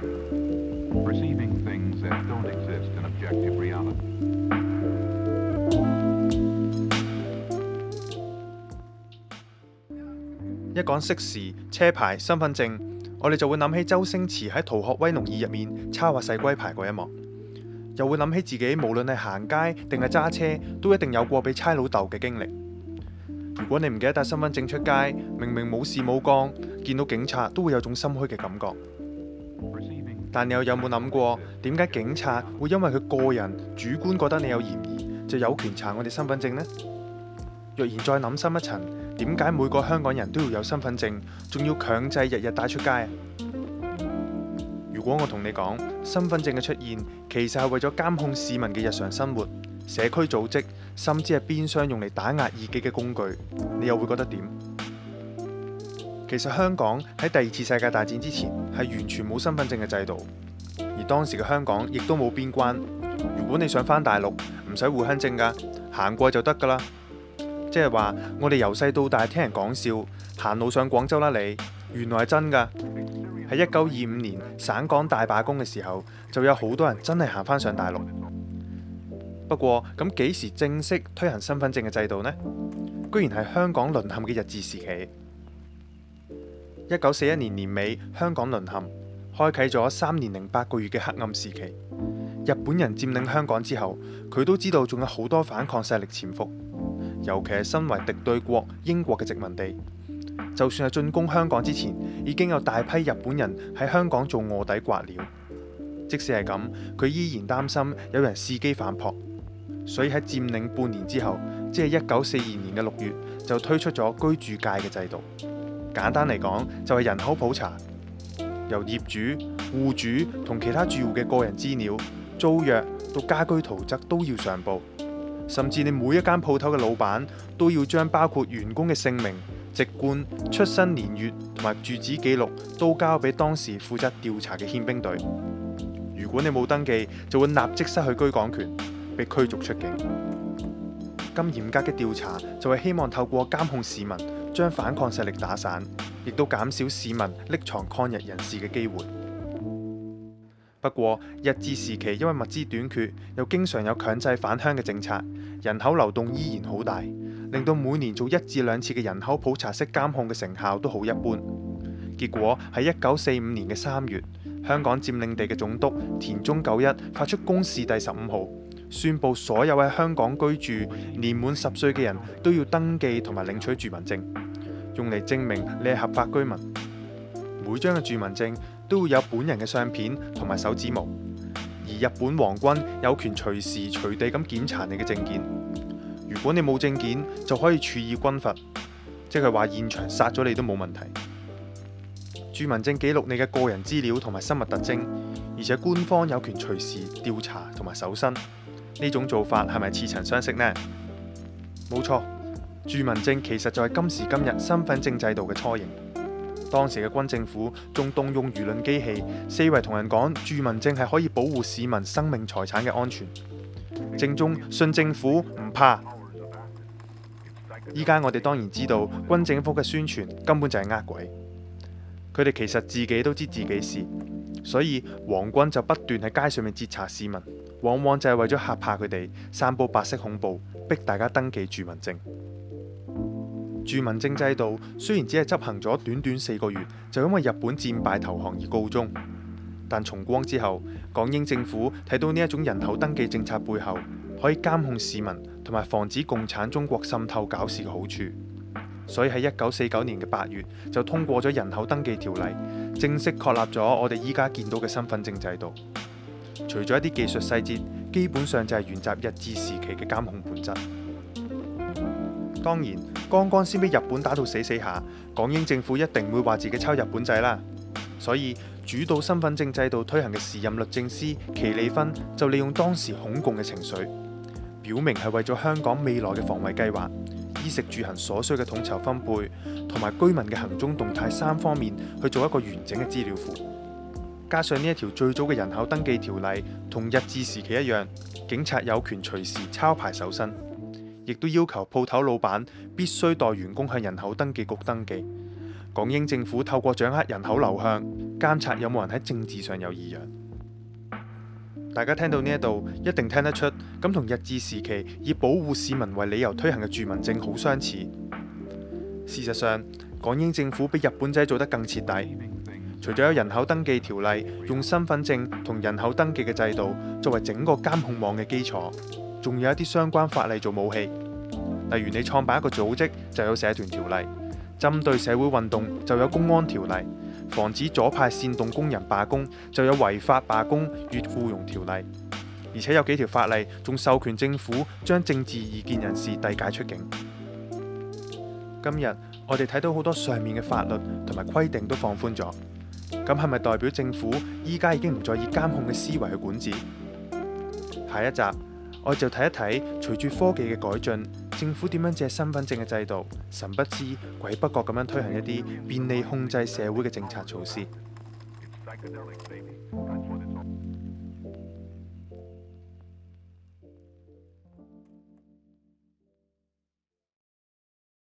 一講識時車牌身份證，我哋就會諗起周星馳喺《逃學威龍二》入面插話細龜牌嗰一幕，又會諗起自己無論係行街定係揸車，都一定有過俾差老豆嘅經歷。如果你唔記得帶身份證出街，明明冇事冇乾，見到警察都會有種心虛嘅感覺。但你又有冇諗過，點解警察會因為佢個人主觀覺得你有嫌疑，就有權查我哋身份證呢？若然再諗深一層，點解每個香港人都要有身份證，仲要強制日日帶出街？如果我同你講，身份證嘅出現其實係為咗監控市民嘅日常生活、社區組織，甚至係邊廂用嚟打壓異己嘅工具，你又會覺得點？其實香港喺第二次世界大戰之前係完全冇身份證嘅制度，而當時嘅香港亦都冇邊關。如果你想返大陸，唔使回鄉證噶，行過就得噶啦。即係話我哋由細到大聽人講笑，行路上廣州啦，你原來係真噶。喺一九二五年省港大罷工嘅時候，就有好多人真係行返上大陸。不過咁幾時正式推行身份證嘅制度呢？居然係香港淪陷嘅日治時期。一九四一年年尾，香港淪陷，開啟咗三年零八個月嘅黑暗時期。日本人佔領香港之後，佢都知道仲有好多反抗勢力潛伏，尤其係身為敵對國英國嘅殖民地。就算係進攻香港之前，已經有大批日本人喺香港做臥底，颳料。即使係咁，佢依然擔心有人伺機反撲，所以喺佔領半年之後，即係一九四二年嘅六月，就推出咗居住界嘅制度。簡單嚟講，就係、是、人口普查，由業主、戶主同其他住戶嘅個人資料、租約到家居圖則都要上報，甚至你每一間鋪頭嘅老闆都要將包括員工嘅姓名、籍貫、出生年月同埋住址記錄都交俾當時負責調查嘅憲兵隊。如果你冇登記，就會立即失去居港權，被驅逐出境。咁嚴格嘅調查就係、是、希望透過監控市民。將反抗勢力打散，亦都減少市民匿藏抗日人士嘅機會。不過日治時期因為物資短缺，又經常有強制返鄉嘅政策，人口流動依然好大，令到每年做一至兩次嘅人口普查式監控嘅成效都好一般。結果喺一九四五年嘅三月，香港佔領地嘅總督田中久一發出公示第十五號。宣佈所有喺香港居住，年滿十歲嘅人都要登記同埋領取住民證，用嚟證明你係合法居民。每張嘅住民證都會有本人嘅相片同埋手指模，而日本皇軍有權隨時隨地咁檢查你嘅證件。如果你冇證件，就可以處以軍罰，即係話現場殺咗你都冇問題。住民證記錄你嘅個人資料同埋生物特徵，而且官方有權隨時調查同埋搜身。呢種做法係咪似曾相識呢？冇錯，住民證其實就係今時今日身份證制度嘅雛形。當時嘅軍政府仲動用輿論機器，四圍同人講住民證係可以保護市民生命財產嘅安全，正中信政府唔怕。依家我哋當然知道，軍政府嘅宣傳根本就係呃鬼，佢哋其實自己都知自己的事，所以皇軍就不斷喺街上面截查市民。往往就係為咗嚇怕佢哋，散佈白色恐怖，逼大家登記住民證。住民證制度雖然只係執行咗短短四個月，就係、因為日本戰敗投降而告終。但重光之後，港英政府睇到呢一種人口登記政策背後，可以監控市民同埋防止共產中國滲透搞事嘅好處，所以喺一九四九年嘅八月就通過咗人口登記條例，正式確立咗我哋依家見到嘅身份證制度。除咗一啲技術細節，基本上就係沿襲日治時期嘅監控本質。當然，剛剛先俾日本打到死死下，港英政府一定會話自己抄日本仔啦。所以，主導身份證制度推行嘅時任律政司祁利芬就利用當時恐共嘅情緒，表明係為咗香港未來嘅防衞計劃、衣食住行所需嘅統籌分配同埋居民嘅行蹤動態三方面去做一個完整嘅資料庫。加上呢一條最早嘅人口登記條例，同日治時期一樣，警察有權隨時抄牌搜身，亦都要求鋪頭老闆必須代員工向人口登記局登記。港英政府透過掌握人口流向，監察有冇人喺政治上有異樣。大家聽到呢一度，一定聽得出，咁同日治時期以保護市民為理由推行嘅住民證好相似。事實上，港英政府比日本仔做得更徹底。除咗有人口登記條例，用身份證同人口登記嘅制度作為整個監控網嘅基礎，仲有一啲相關法例做武器。例如你創辦一個組織就有社團條例，針對社會運動就有公安條例，防止左派煽動工人罷工就有違法罷工與僱傭條例。而且有幾條法例仲授權政府將政治異見人士遞解出境。今日我哋睇到好多上面嘅法律同埋規定都放寬咗。咁係咪代表政府依家已經唔再以監控嘅思維去管治？下一集我就睇一睇，隨住科技嘅改進，政府點樣借身份證嘅制度，神不知鬼不覺咁樣推行一啲便利控制社會嘅政策措施。